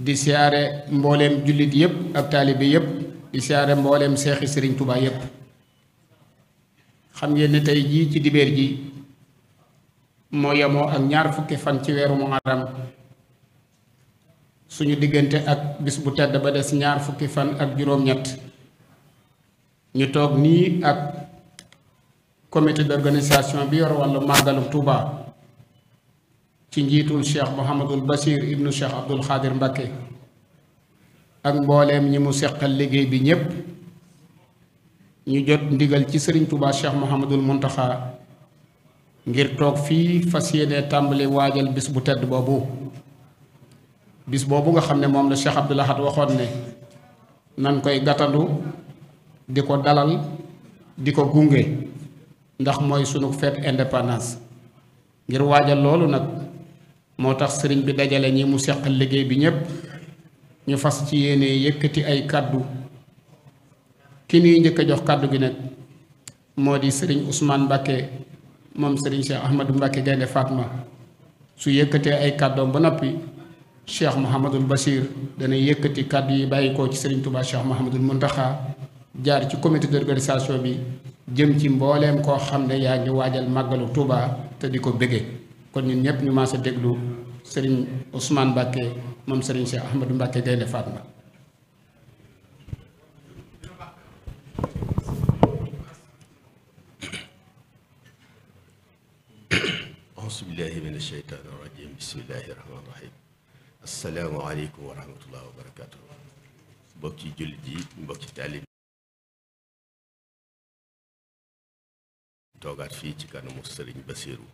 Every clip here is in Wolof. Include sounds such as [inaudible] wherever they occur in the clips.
di siyaare mbooleem jullit yëpp ak taalibe yëpp di siyaare mbooleem seexi sëriñ Touba yëpp xam ngeen ne tey jii ci dibeer ji moo yemoo ak ñaar fukki fan ci weeru muharram suñu diggante ak bis bu tedd ba des ñaar fukki fan ak juróom-ñett ñu toog nii ak comité d'organisation bi yor wàllu màggalu Touba ci njiitul cheikh Mouhamadul Bachir ibnu cheikh Abdoul Khadir Mbacké ak mbooleem ñi mu seqal liggéey bi ñépp ñu jot ndigal ci sëriñ Touba cheikh Mouhamadul Mountakha ngir toog fii fas yéene tàmbali waajal bis bu tedd boobu bis boobu nga xam ne moom la cheikh Abdoul Ahad waxoon ne nan koy gàttandu di ko dalal di ko gunge ndax mooy sunu fête indépendance ngir waajal loolu nag. moo tax sëriñ bi dajale ñi mu seqal liggéey bi ñépp ñu fas ci yéene yëkkati ay kàddu ki nuy njëkk a jox kàddu gi nag moo di sëriñ Ousmane Mbacke moom sëriñ Cheikh Ahmadou Mbacke Gaynde faatma su yëkkatee ay kàddoom ba noppi Cheikh Mouhamadul Bachir dana yëkkati kàddu yi bàyyi ko ci sëriñ Touba Cheikh Mouhamadul Mountakha jaar ci comité d'organisation bi jëm ci mbooleem koo xam ne yaa ngi waajal màggalu Touba te di ko bëggee. kon ñun ñëpp ñu maase déglu sëriñ Ousmane Mbacke moom sëriñ Cheikh Ahmadou Mbacke Gaynde Fatma auzu billaahi mina sheytaani rajiim bismillaahi rahmaani rahiim assalaamu aleykum wa wa barakaatu mbokki jullit yi mbokki taalib toogaat fii ci kanamu sëriñ Basiiru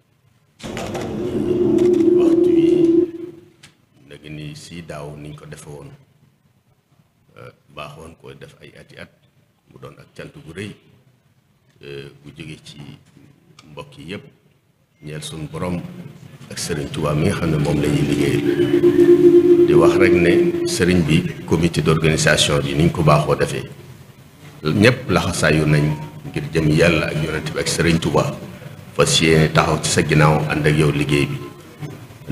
waxtu yi nag ni si daaw niñ ko defe woon euh, baaxoon ko def ay ati at mu doon ak cant bu rëy bu euh, jóge ci mbokk yi yépp ñeel suñu borom ak sëriñ Touba mi nga xam ne moom lañuy liggéey di wax rek ne sëriñ bi comité d'organisation bi niñ ko baaxoo defee ñépp laxasaayu nañ ngir jëm yàlla ak yonent bi ak sëriñ Touba fas yéene taxaw ci sa ginnaaw ànd ak yow liggéey bi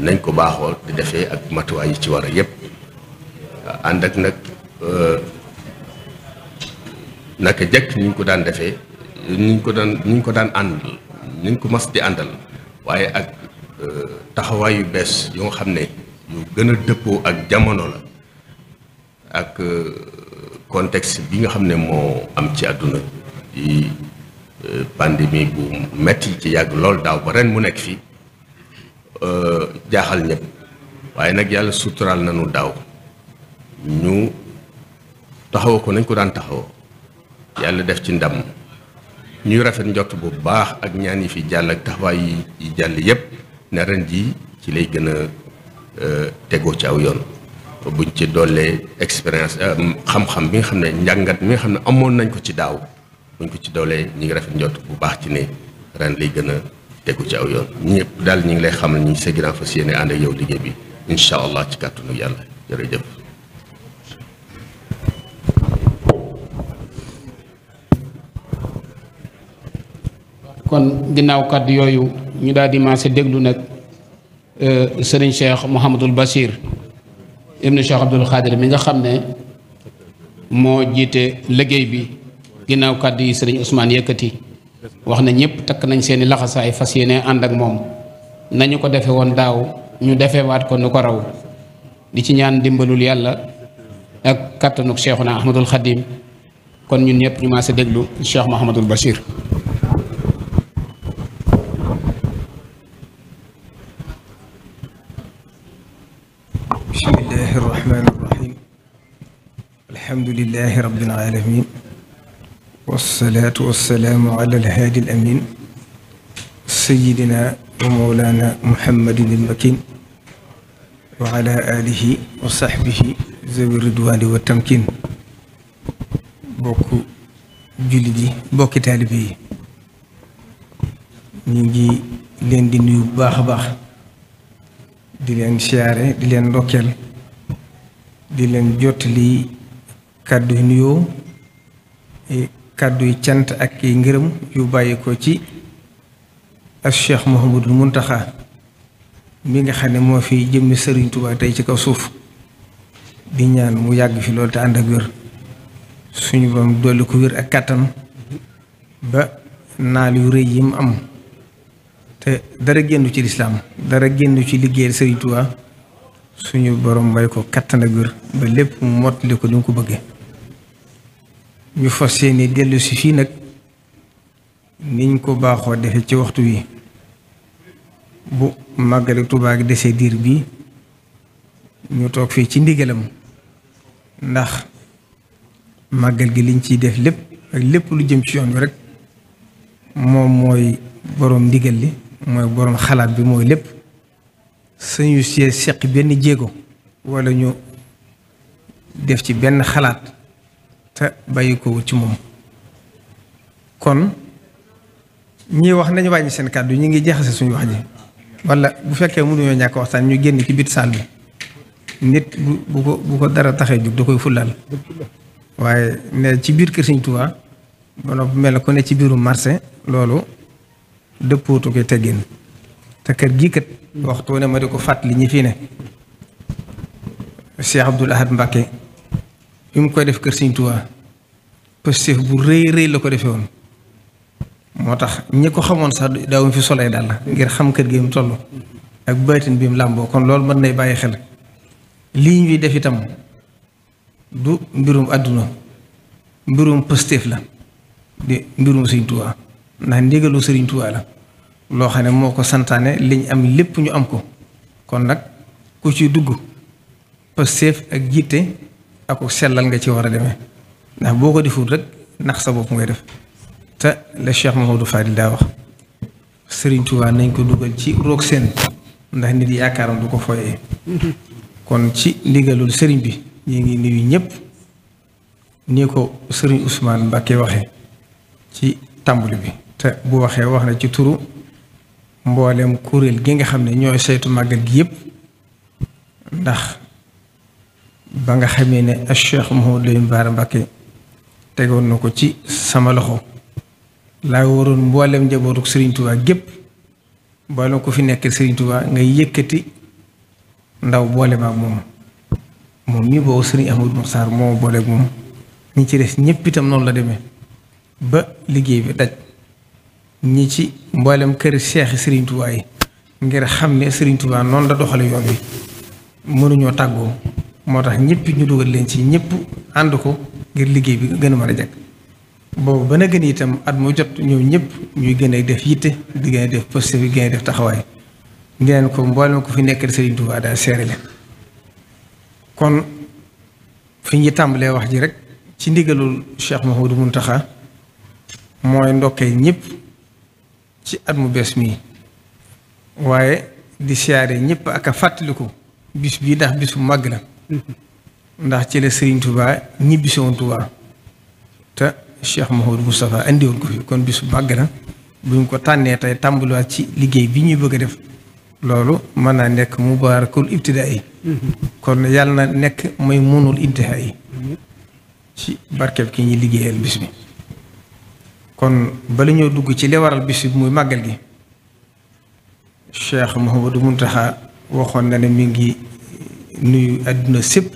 nañ ko baaxoo di defee ak matuwaay yi ci war a yépp ànd ak nag euh, naka jëkk ñu ko daan defee ñu ko daan ñu ko daan àndal ñu ko mas di àndal waaye ak euh, taxawaay yu bees yoo xam ne yu gën a dëppoo ak jamono la ak euh, contexte bi nga xam ne moo am ci àdduna pandémie bu metti ci yàgg lool daaw ba ren mu nekk fii euh, jaaxal ñëpp waaye nag yàlla suturaal nañu daaw ñu taxawa ko nañ ko daan taxawoo yàlla def ci ndam ñuy rafet njot bu baax ak ñaan yi fi jàll ak taxawaay yi jàll yépp ne ren ji ci lay gën a euh, tegoo ci aw yoon buñ ci dollee expérience euh, xam-xam bi nga xam ne njàngat mi nga xam ne amoon nañ ko ci daaw buñ ko ci ngi rafet njot bu baax ci ne tegu ci aw yoon ñëpp daal ñu ngi lay xamal ñi sa ginnaaw fas yéene ànd ak yow liggéey bi incha kon ginnaaw kàddu yooyu ñu daal di maase déglu nag euh, sëriñ Cheikh Mouhamadul Bachir ibnu Cheikh Abdoul Khadir mi nga xam ne moo jiite liggéey bi. ginnaaw kàddu yi sëriñ Ousmane yëkkati wax na ñëpp takk nañ seeni laxasaay fas yéene ànd ak moom nañu ko defe woon daaw ñu defewaat ko nu ko raw di ci ñaan dimbalul yàlla ak kàttanuk Cheikhuna Ahmadul Xadim kon ñun ñëpp ñu maase déglu Cheikh Mouhamadul Bachir bismillahi rahmaani rahim wasalaatu wasalaamu ala alhaadi al amin sayidina wa mawlaana muhammadin al makin wa ala wa saxbihi zawi ridwaani wa tamkin bokk jullit bokki taalibe yi ngi leen nuyu bu baax a baax di leen dileen di leen ndokkeel kàddu nuyoo kàddu yi cant ak kiy ngërëm yu bàyyi ko ci ak Cheikh Mouhamadul Muntaxa mi nga xam ne moo fi jëmmi Sëriñ tubaa tey ci kaw suuf di ñaan mu yàgg fi loolu te ànd ak wér suñu bam dolli ko wér ak kàttan ba naal yu rëy yi mu am te dara génn ci lislaam dara génn ci liggéeyal Sëriñ Tuubaa suñu borom may ko kàttan ak wér ba lépp mu mottali ko ni ko bëggee ñu fas yéene dellu fii nag niñ ko baaxoo defe ci waxtu wi bu màggale Tuubaa gi desee diir bi ñu toog fii ci ndigalam ndax màggal gi liñ ciy def lépp ak lépp lu jëm ci yoon bi rek moom mooy boroom ndigal li mooy boroom xalaat bi mooy lépp sañu see seq benn jéego walla ñu def ci benn xalaat te bàyyi ko ci moom kon ñii wax nañu wàññi seen kàddu ñu ngi jeexase suñu wax ji wala bu fekkee mënuñoo ñàkk waxtaan ñu génn ci biir saal bi nit bu bu ko bu ko dara taxee jug da koy fullal waaye ne ci biir kër Sëriñ Tuubaa wala mel ko ne ci biiru marché loolu dëppootu koy teggin te kër gii kat waxtu ne ma di ko fàttali ñi fii ne Cheikh Abdoul Ahad Mbacké bi mu koy def kër Sëriñ Tuubaa positif bu rëy rëy la ko defee woon moo tax ñi ko xamoon sax daawuñ fi solee daal la ngir xam kër gi mu toll ak baytin bii mu làmboo kon loolu mën nay bàyyi xel lii ñuy def itam du mbirum àdduna mbirum positif la di mbirum Sëriñ Tuubaa ndax ndigalu Sëriñ Tuubaa la loo xam ne moo ko santaane liñ am lépp ñu am ko kon nag ku ci dugg positif ak jiite aku sellal nga ci war a demee ndax boo ko deful rek nax sa bopp ngay def te le Cheikh Mamadou Fadil daa wax sëriñ Touba nañ ko dugal ci roog seen ndax nit yaakaaram du ko foyee kon ci ndigalul sëriñ bi ñu ngi nuyu ñëpp ni ko sëriñ Ousmane Mbacké waxee ci tàmbali bi te bu waxee wax na ci turu mboolem kuréel gi nga xam ne ñooy saytu màggal gi yëpp ndax ba nga xamee ne a Cheikh Mouhamadou Lamine Bara Mbacké tegoon na ko ci sama loxo laa waroon mbooleem njabootu Serigne gépp boolem ko fi nekk Serigne ngay yëkkati ndaw boole moom moom mii boobu Serigne moo booleeg moom ñi ci des ñëpp noonu la demee ba liggéey bi daj ci mboolem kër Cheikh Serigne ngir xam ne Serigne Touba noonu la doxale yoon bi mënuñoo tàggoo. moo tax ñëpp ñu dugal leen ci ñëpp ànd ko ngir liggéey bi gën a mën a jag boobu ba na gën itam at mu jot ñoom ñëpp ñuy gën a def yitte di def poste bi gën a def taxawaay ngeen ko mboolem ko fi nekk Serigne Touba daal seere leen kon fi ñu tàmbalee wax ji rek ci ndigalul Cheikh Mouhamadou Mountakha mooy ndokkee ñëpp ci at mu bees mii waaye di siyaare ñëpp ak a fàttaliku bis bii ndax bisu màgg la. [laughs] ndax ci la Serigne Touba ñibbisi woon Touba te Cheikh Mouhamadou Moustapha andi woon ko fi kon bisu màgg na buñ ko tànnee tey tàmbaliwaat ci liggéey bi ñuy bëgg a def loolu mën naa nekk mubaarakul ibtidaa yi [laughs] kon yàlla nekk mooy mënul intihaa yi ci barkeb ki ñuy liggéeyal bis bi kon bala ñoo dugg ci li waral bis bi muy màggal gi Cheikh Mouhamadou Mountakha waxoon na ne mi ngi nuyu àdduna sépp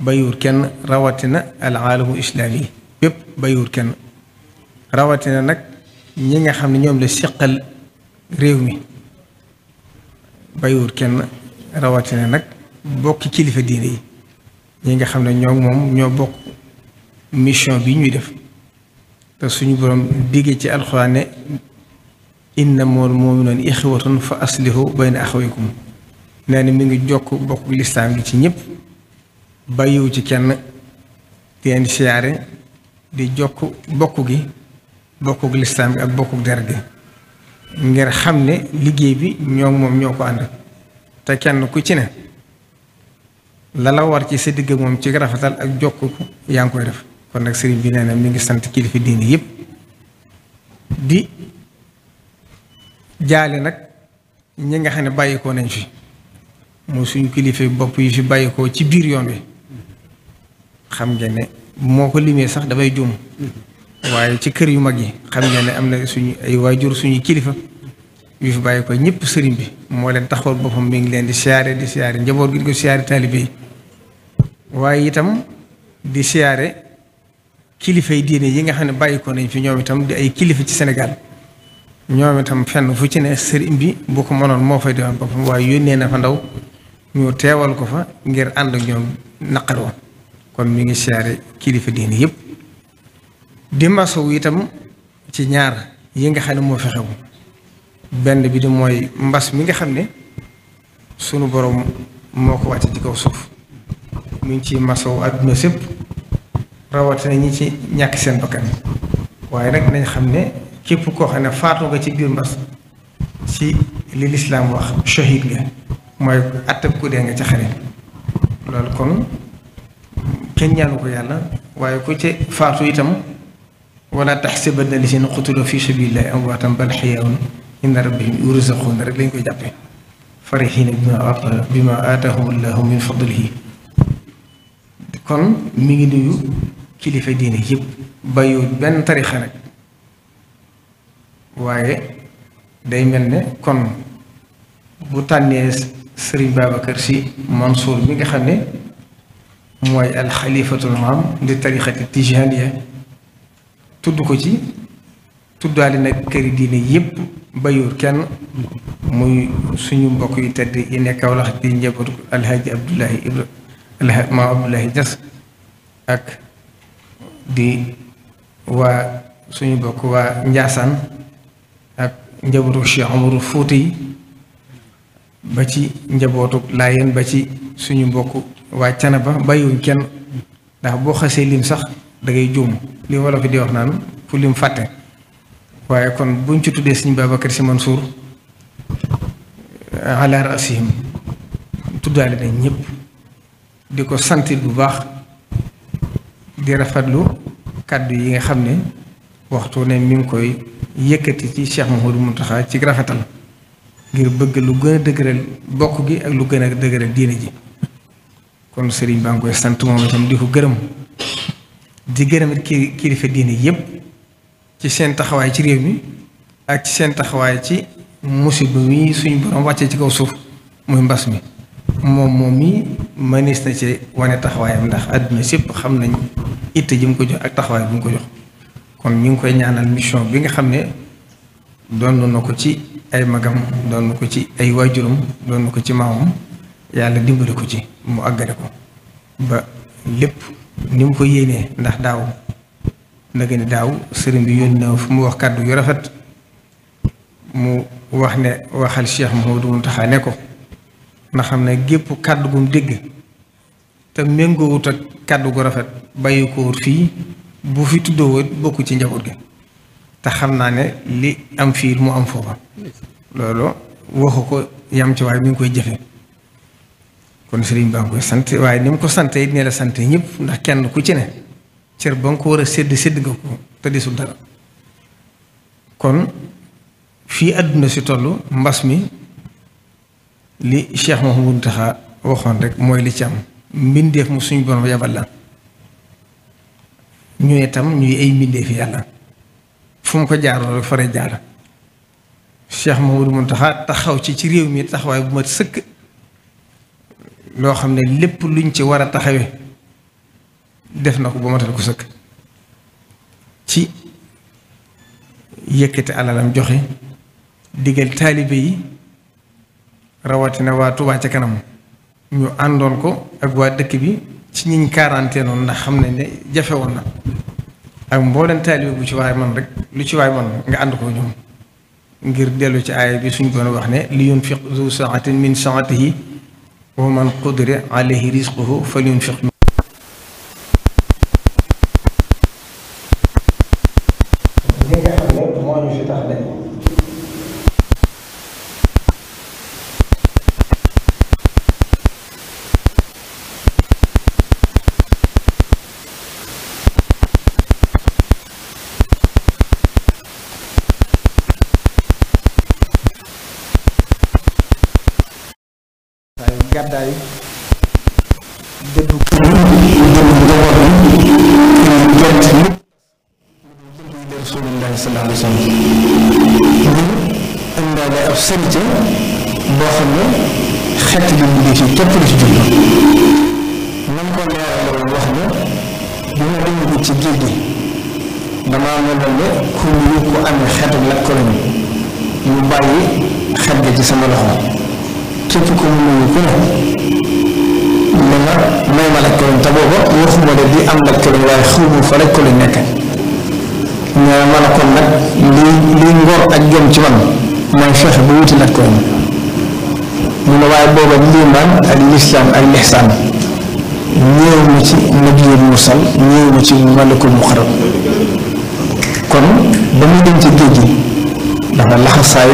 bayuur kenn rawatina alaalamu yi bépp bayuur kenn rawatina nag ñi nga xam ne ñoom la seqal réew mi bayuur kenn rawatina nag bokki kilifa diine yi ñi nga xam ne ñoo moom ñoo bokk mission bi ñuy def te suñu borom diggee ci alxuraan ne innamal mu'minuuna ixwatun fa aslihu bayna axawaykum nee na mi ngi jokk bokk lislaam gi ci ñépp bàyyiwu ci kenn teen di jokk bokk gi bokkuk lislaam gi ak bokkuk der gi ngir xam ne liggéey bi ñoo moom ñoo ko ànd te kenn ku ci ne la la war ci sa digg moom ci rafetal ak jokk yaa ngi koy def kon nag sëriñ bi nee na mi ngi sant kilifa diini yëpp di jaale nag ñi nga xam ne bàyyi ko nañ fi mooy suñu kilifa bopp yi fi bàyyikoo ci biir yoon wi xam ngeen ne moo ko limee sax dafay juum waaye ci kër yu mag yi xam ngeen ne am na suñu ay waajur suñu kilifa yu fi bàyyi ko ñëpp sëriñ bi moo leen taxawal boppam mi ngi leen di siyaare di siyaare njaboot gi di ko siyaare waaye itam di siyaare kilifa yi diine yi nga xam ne bàyyi nañ fi ñoom itam di ay kilifa ci Sénégal ñoom itam fenn fu ci ne sëriñ bi bu ko mënoon moo fay doon boppam waaye yónnee na fa ndaw ñu teewal ko fa ngir ànd ak ñoom naqaroo kon mu ngi siyaare kilifa diine yëpp di masawu itam ci ñaar yi nga xam ne moo fi benn bi di mooy mbas mi nga xam ne sunu borom moo ko wàcce ci kaw suuf mu ngi ci masawu àdduna sépp rawatina ñi ci ñàkk seen bakkan waaye nag nañ xam ne képp koo xam ne faatu nga ci biir mbas ci li lislaam wax shahid nga mooy attab ku dee nga ca xare loolu kon kenn ñaanu ko yàlla waaye ko ci faatu itam wala taxsibanna llaziina qutilu fi sabiilillaahi amwaatan bal ahyaa'un inda rabbihim yurzaquun rek lañ koy jàppe farihiina bimaa aataahumullaahu min fadlihi kon mi ngi nuyu kilifa diine yëpp bàyyiwul benn tarixa nag waaye day mel ne kon bu tànnee sëriñ Babacar Sy Mansour bi nga xam ne mooy alxalifatul am di tarixati tijaniya tudd ko ci tuddaale nag këri diine yépp bayur kenn muy suñu mbokk yu tedd yi nekk Kawlax di njabootu alxaaji Abdullahi Ibra alxaaji maam Abdullahi Niass ak di waa suñu mbokk waa Njaasaan ak njabootu Cheikh Omarou Fouti ba ci njabootu laayeen ba ci suñu mbokk waa Canaba bàyyiwuñ kenn ndax boo xasee lim sax da ngay juum li wolof di wax naan fu lim fàtte waaye kon buñ ci tuddee suñu Babacar Sy suur eh, ala raasihim tuddaale nañ ñëpp di ko santit bu baax di rafetlu kàddu yi nga xam ne waxtu ne mi ngi koy yëkkati ci Cheikh Mouhamadou Mountakha ci rafetal ngir bëgg lu gën a dëgëral bokk gi ak lu gën a dëgëral diine ji kon sëriñ baa ngi koy sant moom itam di ko gërëm di gërëm it ki kilifa diine yépp ci seen taxawaay ci réew mi ak ci seen taxawaay ci musiba mi suñu borom wàccee ci kaw suuf muy mbas mi moom moom mi mënees na ci wane taxawaayam ndax àdduna sépp xam nañ itte ji mu ko jox ak taxawaay bi mu ko jox kon ñu ngi koy ñaanal mission bi nga xam ne doon na ko ci ay magam doon na ko ci ay waajuram doon na ko ci maamam yàlla dimbali ko ci mu àggale ko ba lépp ni mu ko yéenee ndax daaw nag ni daaw sëriñ bi yónni na fu mu wax kàddu yu rafet mu wax ne waxal Cheikh Mouhamadou Mountakha ne ko ndax xam ne gépp kàddu gu dégg te méngoowut ak kàddu gu rafet bàyyi ko fii bu fi tuddoo bokk ci njaboot gi te xam naa ne li am fii mu am foofa loolu waxu ko yam ci waaye mi ngi koy jëfe kon sëriñ baa ngi koy sant waaye ni mu ko sante it ne la sant ñëpp ndax kenn ku ci ne cër ba nga ko war a sedd sédd nga ko te desul dara kon fii àdduna si toll mbas mi li Cheikh Mouhamadou Taxa waxoon rek mooy li ci am mbindeef mu suñ borom yabal la ñu ne ñuy ay mbindeef yàlla fum ko jaaroo rek fare jaar Cheikh Mamadou Mountakha taxaw ci ci réew mi taxawaay bu mat sëkk loo xam ne lépp luñ ci war a taxawe def na ko ba matal ko sëkk ci yëkkati alalam joxe digal taalibe yi rawatina waa Touba ca kanam ñu àndoon ko ak waa dëkk bi ci ñiñ quarantaine noonu ndax xam nañ ne jafe woon na ak mbooleen taalibe bu ci waay man rek lu ci waay man nga ànd koo ñoom ngir dellu ci aaya bi suñ doon wax ne li yunfiq zu saatin min saatihi wa man qudira alayhi rizquhu falyunfiq sëriñ boo xam ne xet li mu ngi ci képp lu ci jublu man ko leeralal wax ne bi ma demee ci géej gi damaa meloon ne ku ñu ko amee xeetu lakk ko lañu ñu bàyyi xet ga ci sama loxo képp ku mu nuyu ku ne ne ma may ma lakk ko lañ am lakk ko lañ waaye xawma nekk a kon nag li li ak jom ci man daan fexe ba wuti nag koom mu ne waaye booba liimaan ak lislaam ak lixsaan ñëw na ci nabiyul mursal ñëw ci malakul muqarrab kon ba mu dem ci géej gi dafa laxasaay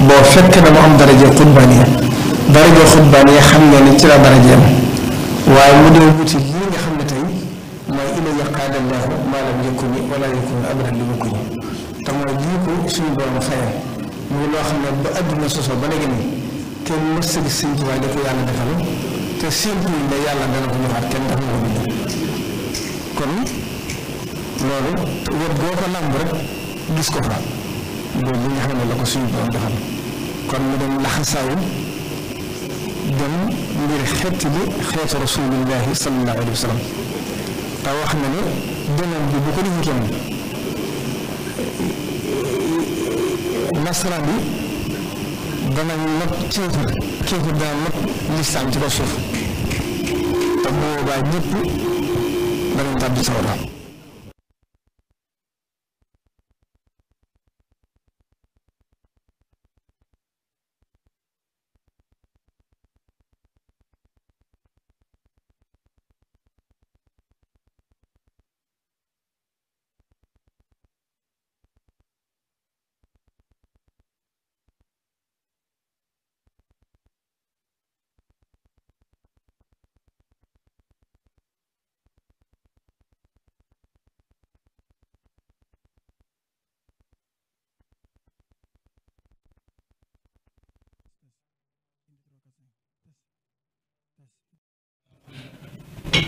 boo fekk na mu am daraje xutbaaniya daraje xutbaaniya xam nga ne ci la daraje am waaye mu wuti loo xam ne ba àdduna sosoo ba léegi nii kenn mës a gis sëñ Tuubaa daf yàlla defal te simple la yàlla dana ko joxaat kenn daf ko kon loolu wet boo ko lamb rek gis ko fa loolu li nga xam ne la ko suñu doon defal kon mu dem laxasaayu dem ngir xetti li xeetu rasulillahi sallallahu alayhi wa te wax na ne beneen bi bu ko defutoon nasaraan bi danañ not kéefër kéefër dana not lislaam ci kaw suuf te bu boobaa ñëpp danañ tàbbi sawara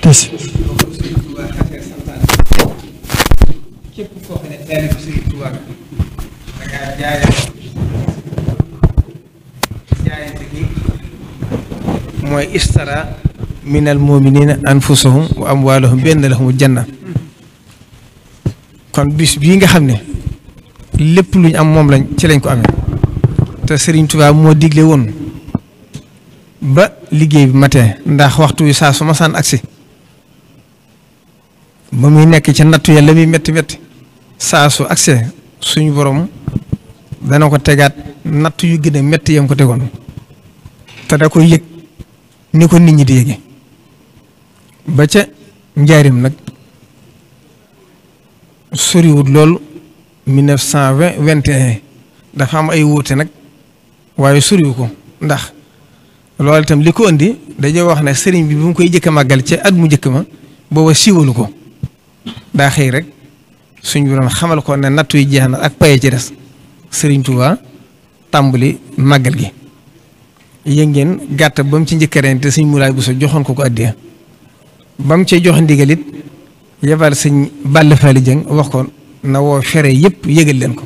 tës képp koo xam ne daal ko Sëriñ Tuubaa da ngaa jaayante jaayante gi mooy istara minal muminina anfusahum wa amwaalahum benn kon bis bii nga xam ne lépp lu ñu am moom lañ ci lañ ko amee te Sëriñ Tuubaa moo digle woon ba liggéey bi matin ndax waxtu wi saa su ma saan agsi ba mu nekk ca nattu ya la muy métti métti saa su accès suñu borom dana ko tegaat natt yu gën a métti yam ko tegoon te da koy yëg ni ko nit ñi di yëge ba ca njaarim nag soriwut lool 1920 21 dafa am ay wuute nag waaye soriwu ko ndax loolu itam li ko indi dañoo wax ne sëriñ bi bu mu koy jëkk a màggal ca at mu jëkk ma booba siiwalu ko daa xëy rek suñu borom xamal ko na nattu yi jeex ak paye ci des Serigne Touba tàmbali màggal gi. yéen ngeen gàtt ba mu ci njëkkareen suñ Serigne bu Bousso joxoon ko ko addiya ba mu cee jox ndigal it yebal Serigne Balla Fally wax ko na woo fere yëpp yëgal leen ko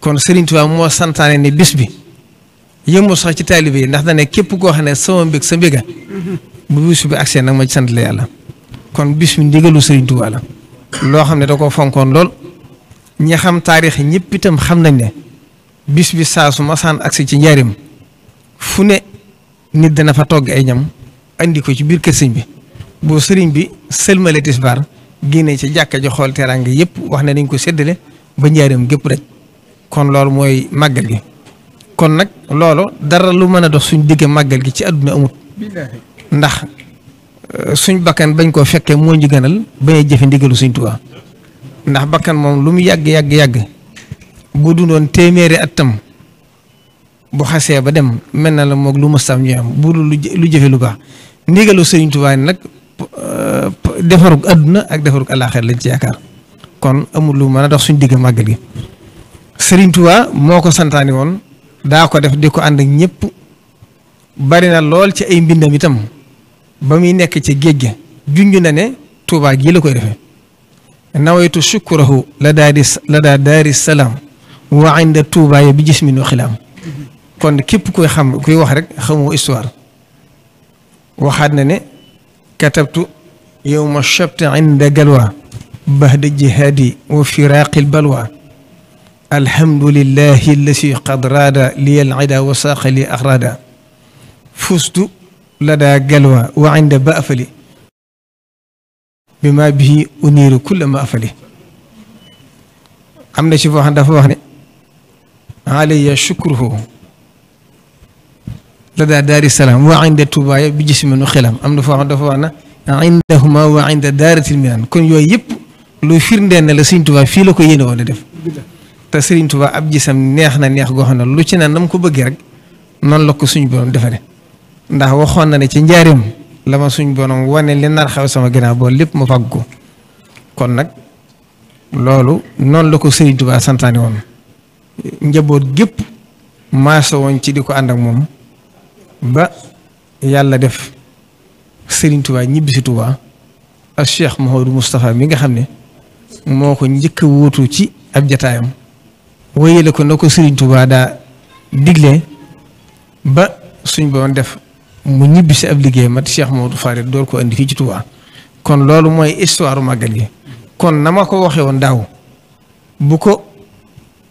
kon Serigne Touba moo santaane ne bis bi yëngu sax ci taalibe yi ndax da ne képp koo xam ne sama mbég sa mbéga bu bis bi àggsee nag ma sant la yàlla kon bis bi ndigalu Serigne la. loo xam ne da ko fonkoon lool ñi xam taarix ñëpp itam xam nañ ne bis bi saa su masaan agsi ci njaarim fu ne nit dana fa togg ay ñam indi ko ci biir kër bi boo sëriñ bi sëlmale tisbaar génnee ci jàkka ji xool teraanga yëpp wax na dañ ko séddale ba njaarim gépp rek kon loolu mooy màggal gi kon nag loolu dara lu mën a dox suñ digge màggal gi ci àdduna amut ndax Euh, suñ bakkan bañ koo fekkee moo ñu gënal bañ a jëfe ndigalu suñ Tuubaa ndax bakkan moom lu mu yàgg yàgg yàgg bu dundoon téeméeri at tam bu xasee ba dem mel na la moog lu mëstaam ñooy am bu dul lu jëfe lu baax ndigalu sëriñ Tuubaa nag euh, defarug àdduna ak defarug àllaaxira lañ ci yaakaar kon amul lu mën a dox suñ digg màggal gi sëriñ Tuubaa moo ko santaani woon daa ko def di ko ànd ak ñëpp bari na lool ci ay mbindam itam ba muy nekk ci géej gi junj na ne Touba gii la koy defee nawaytu sukurahu la daa di salaam wa inda Touba yi bi gis mi nu kon képp koy xam kuy wax rek xamoo histoire waxaat na ne katabtu yowma shabti inda galwa bahda jihaadi wa firaaqi balwa alhamdulillahi allasi qad raada li al wa saaqa li axraada fustu لدى قلوى وعند بأفلي بما به أنير كل ما أفلي am na ci foo xam dafa wax ne alayya shukruhu la daa daari salaam wa inda tubaaya bi jisminu xilam am na foo xam dafa wax na indahuma wa inda daaratil minan kon yooyu yëpp lu firndeen ne la Sëriñ Tuubaa fii la ko yéene woon a def te Sëriñ Tuubaa neex na neex goo xam ne lu ci naan na mu ko bëggee rek noonu la ko suñu borom defare ndax waxoon na ne ci njaarim la ma suñ bonom wane li nar xaw sama ginnaaw boo lépp mu ko kon nag loolu noonu la ko Sëriñ Tuubaa santaani woon njaboot gépp maaso woon ci di ko ànd ak moom ba yàlla def Sëriñ Tuubaa ñibbi si ak Cheikh Mouhamadou Moustapha mi nga xam ne moo ko njëkk a wuutu ci ab jataayam wéyale ko na ko Sëriñ Tuubaa daa digle ba suñ boon def mu ñibbi si ab liggéey mat Cheikh Mamadou Farid door ko andi fii ci Touba kon loolu mooy histoire màggal gi kon nama ko waxee woon daaw bu ko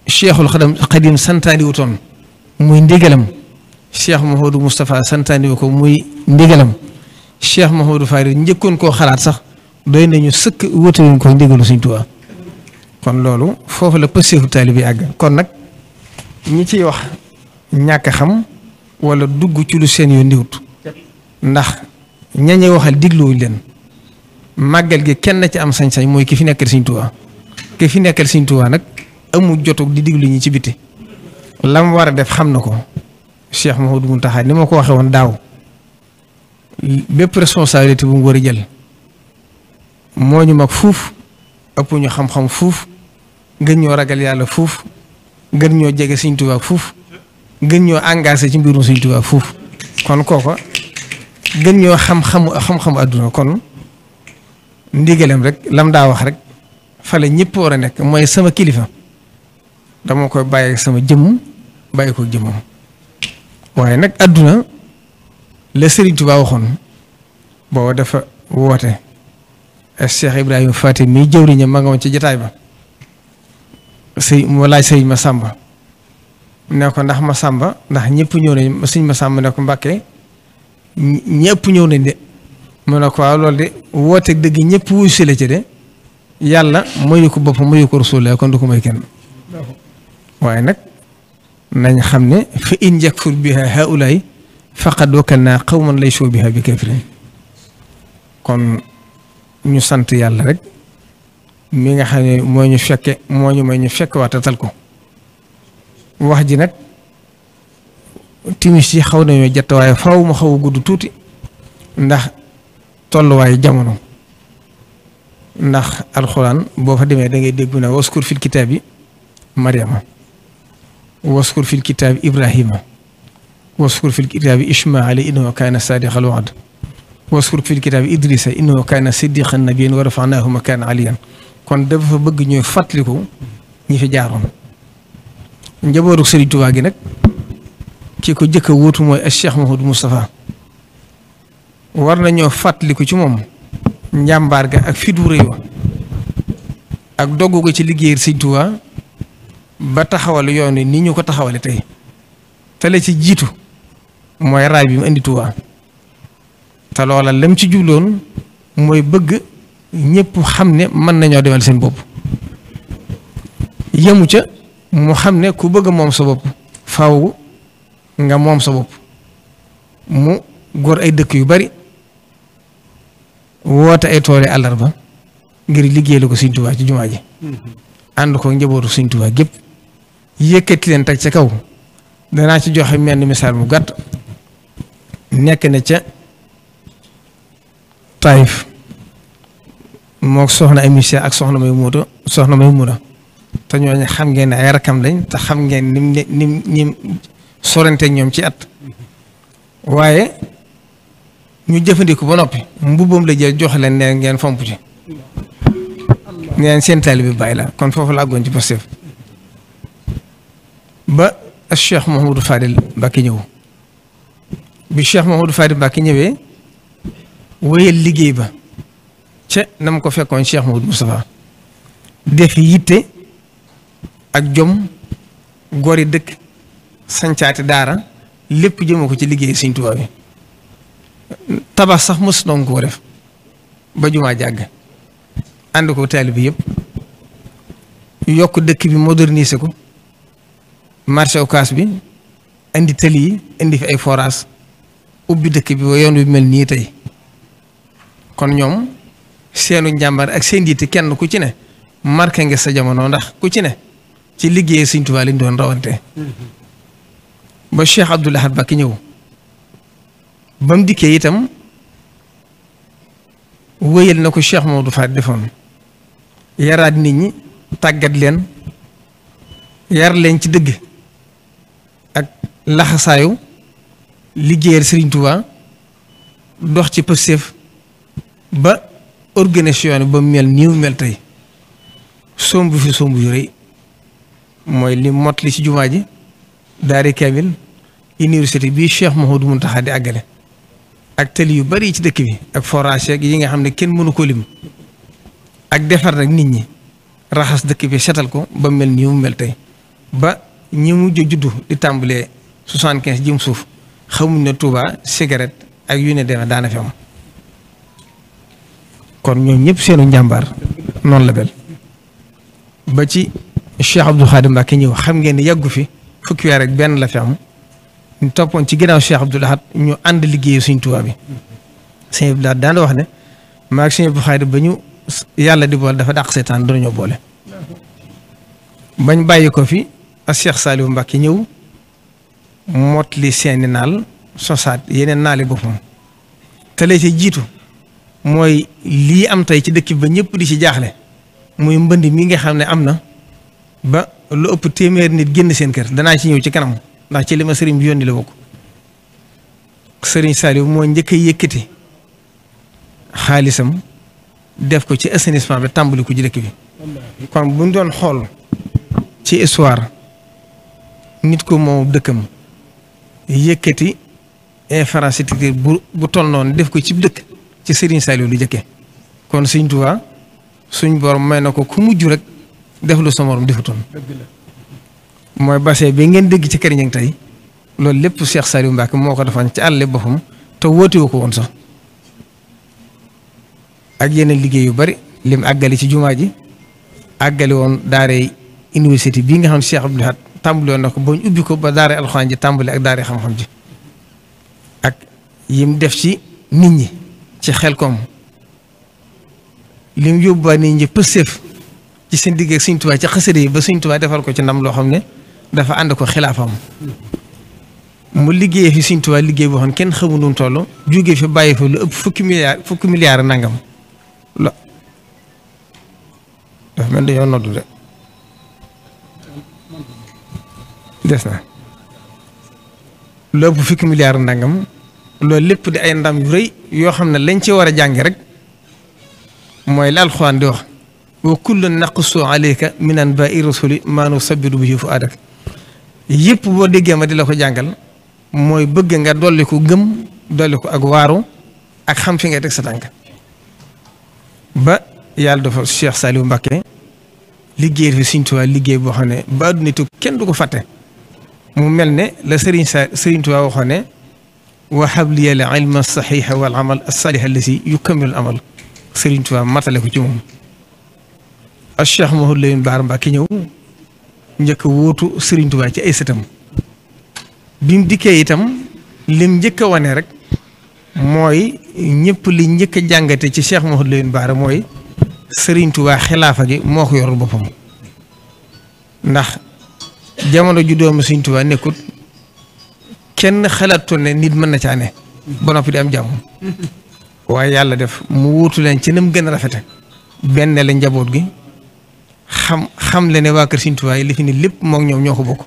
Cheikhul Xadim Xadim wutoon muy ndigalam Cheikh Mamadou Moustapha santaani ko muy ndigalam Cheikh Mamadou Farid njëkkoon koo xalaat sax doy nañu sëkk wóote ko ndigalu Sëñ Touba kon loolu foofu la pëseefu taali bi àgg kon nag ñi ciy wax ñàkk xam. wala dugg ci lu seen yoon ndiwut ndax ñañe waxal digluwuñ leen màggal gi kenn ci am sañ-sañ mooy ki fi nekkal Sëriñ Tuubaa ki fi nekkal Sëriñ Tuubaa nag amul jotug di diglu ñi ci biti lam war a def xam na ko Cheikh Mouhamadou Mountakha ni ma ko waxee woon daaw bépp responsabilité bu mu war a jël moo ñu mag fuuf ëpp ñu xam-xam fuuf gën ñoo ragal yàlla fuuf gën ñoo jege Sëriñ Tuubaa fuuf gën ñoo engagé ci mbirum Sëriñ Tuubaa foofu kon kooko gën ñoo xam-xamu xam-xamu àdduna kon ndigalem rek lam daa wax rek fale ñëpp war a nekk mooy sama kilifa dama koy bàyyi sama jëmm bàyyi ko jëmmam waaye nag àdduna la Sëriñ Tuubaa waxoon booba dafa woote Cheikh Ibrahima Fatim mii jëwriñam ma nga woon ci jataay ba sëy moo laaj sëriñ ma sàmba ne ko ndax ma sàmba ndax ñëpp ñëw nañ suñ ma sàmba ne ko mbàkke ñëpp ñëw nañ de mu ne ko waaw loolu de woote dëgg ñëpp wuyu si la ci de yàlla mayu ko bopp mayu ko rasul kon du ko may kenn waaye nag nañ xam ne fa in yakfur biha haulaay faqad wakalna qawman laysu kon ñu sant yàlla rek mii nga xam ne moo ñu fekke moo ñu may ñu fekk waatatal ko wax ji nag timis yi xaw nañoo jot waaye faw mu xaw a gudd tuuti ndax tolluwaayu jamono ndax alxuraan boo fa demee da ngay dégg ne waskur fil kitaab yi Mariama waskur fil kitaab yi Ibrahima waskur fil kitaab yi Ismaila innahu kaana saadiqal wa'd waskur fil kitaab yi Idrisa innahu kaana siddiqan nabiyyan wa rafa'naahu makaanan aliyyan kon dafa bëgg ñuy fàttaliku ñi fi jaaroon. njabootu Serigne Touba gi nag ki ko jëkk a wóotu mooy ak Cheikh Mouhamadou Moustapha war nañoo fàttaliku ci moom njàmbaar ga ak fit wu rëy wa ak doggu ko ci liggéey Serigne Touba ba taxawal yoon wi ni ñu ko taxawale tey te la ci jiitu mooy raay bi mu indi Touba te loola lam ci jubloon mooy bëgg ñépp xam ne mën nañoo demal seen bopp yemu ca. mu xam ne ku bëgg moom sa bopp faaw nga moom sa bopp mu góor ay dëkk yu bari woote ay toole àllarba ngir liggéeyal ko Sëñ Tuubaa ci jumaa ji mm-hmm. ànd ko njabootu Sëñ Tuubaa gépp yëkkati leen teg ca kaw danaa ci joxe menn misaal mu gàtt nekk na ca Taïf mook soxna ay ak soxna may muuta soxna may muuta te ñooñu xam ngeen ne ay rakam lañ te xam ngeen nim nim nim ñoom ci at waaye ñu jëfandiku ba noppi mbubbam la jël jox leen ne ngeen fomp ci neen seen taalibe bi la kon foofu la àggoon ci Pastef ba Cheikh Mouhamadou Fadil Mbacké ñëw bi Cheikh Mouhamadou Fadil Mbacké ñëwee wéyal liggéey ba ca na mu ko fekkoon Cheikh Mouhamadou Moustapha def yitte ak jom gori dëkk sancaati daara lépp jëma ko ci liggéey Sëriñ Tuubaa bi tabax sax mos noon koo def ba jumaa jàgg ànd ko taalibe bi yëpp yokk dëkk bi moderniser ko marché Ocass bi indi tëli yi indi fi ay forage ubbi dëkk bi ba yoon wi mel nii tey kon ñoom seenu njàmbar ak seen yitte kenn ku ci ne marqué nga sa jamono ndax ku ci ne ci liggéey Sëñ Tuubaa lañ doon rawante ba Cheikh Abdoul Ahad Mbacké ñëw bam mu dikkee itam wéyal na ko Cheikh Maodo Faat defoon yaraat nit ñi tàggat leen yar leen ci dëgg ak laxasaayu liggéeyal Sëriñ Tuubaa dox ci pëstéef ba organisation ba mu mel nii mel tey somb fi somb yu rëy mooy li mot li ci jumaa ji daari kamil université bii Cheikh Mouhamadou Mountakha di àggale ak tëli yu bari ci dëkk bi ak forage yi nga xam ne kenn mënu koo lim ak defar nag nit ñi raxas dëkk bi setal ko ba mel nii mu mel tey ba ñi mu juddu di tàmbalee soixante quinze jim suuf xamuñ na tuuba cigarette ak yu ne demee daana fi am kon ñoom ñëpp seenu njàmbaar noonu la bel ba ci Cheikh Abdou Khadim Mbacké ñëw xam ngeen ne yàggu fi fukki weer rek benn la fi am ñu toppoon ci ginnaaw Cheikh Abdou Lahad ñu ànd liggéey suñ Tuubaa bi. sëñ Abdou Lahad daan wax ne maa ngi sëñ Abdou Khadim ba yàlla di boole dafa dàq seetaan dinañoo boole. bañ bàyyi ko fi ak Cheikh Saliou Mbacké ñëw motli seeni naal sosaat yeneen naali boppam te jiitu mooy lii am tey ci dëkki ba ñëpp di ci jaaxle muy mbënd mi nga xam ne am na. ba lu ëpp téeméer nit génn seen kër danaa ci ñëw ci kanam ndax ci lima ma sëriñ bi yónni la bokk sëriñ Saliou moo njëkk a xaalisam def ko ci assainissement bi tàmbali ko ci dëkk bi kon bu ñu doon xool ci histoire nit ko moom dëkkam yëkkati infrastructure bu bu toll noonu def ko ci dëkk ci sëriñ Saliou lu jëkke kon Sëriñ Tuubaa suñ borom may na ko ku mujj rek. def lu sa morom defutoon mooy bassin bi ngeen dégg ci kër ñangi tey loolu lépp Cheikh Saliou Mbacke moo ko defan ci àll boppam te wóotewu ko woon sax ak yeneen liggéey yu bari lim àggali ci jumaa ji àggali woon daaree université bii nga xam Cheikh Abdou Lahad tàmbali woon na ko ba ñu ubbi ko ba daaree alxuraan ji tàmbali ak daaree xam-xam ji ak yim def ci nit ñi ci xel koom lim yóbbuwaat nit ñi pëseef. ci seen digg ak Sëriñ Tuubaa ci xasida yi ba Sëriñ Tuubaa defal ko ci ndam loo xam ne dafa ànd ko xilaafam mu liggéeyee fi Sëriñ Tuubaa liggéey boo xam ne kenn xamul toll jógee fi bàyyi fa lu ëpp fukki milliards fukki lo dafa mel dañoo noddu de des na lu loolu lépp di ay ndam yu yoo xam ne lañ ci war a jàngi rek mooy la wa kullan naqussu alayka min anbaa'i rusuli maa nusabbitu bihi fu'aadak yëpp boo déggee ma di la ko jàngal mooy bëgg nga dolli ko gëm dolli ko ak waaru ak xam fi nga teg sa tànk ba yàlla dafa Cheikh Saliou Mbacké liggéey fi Sëriñ liggéey boo xam ne ba àdduna kenn du ko fàtte mu mel ne la Serigne sa Serigne Tuubaa waxoon ne wa habliya al saxiixa wal amal as saalixa allasi yukammilu al amal Serigne Tuubaa matale ko ci moom ak Cheikh Mouhamadou Lamine Bara Mbacké ñëw njëkk wóotu Serigne Touba ci ay sëtam bi mu dikkee itam lim njëkk a wane rek mooy ñëpp li njëkk a jàngate ci Cheikh Mouhamadou Lamine Bara mooy Serigne Touba xilaafa gi moo ko yorul boppam ndax jamono ju doomu Serigne Touba nekkut kenn xalaatu ne nit mën na caa ne ba noppi di am jàmm waaye yàlla def mu wóotu leen ci ni mu gën a rafete benn la njaboot gi. xam xam le ne waa kër Sëriñ Tuubaa yi lépp moom ñoom ñoo ko bokk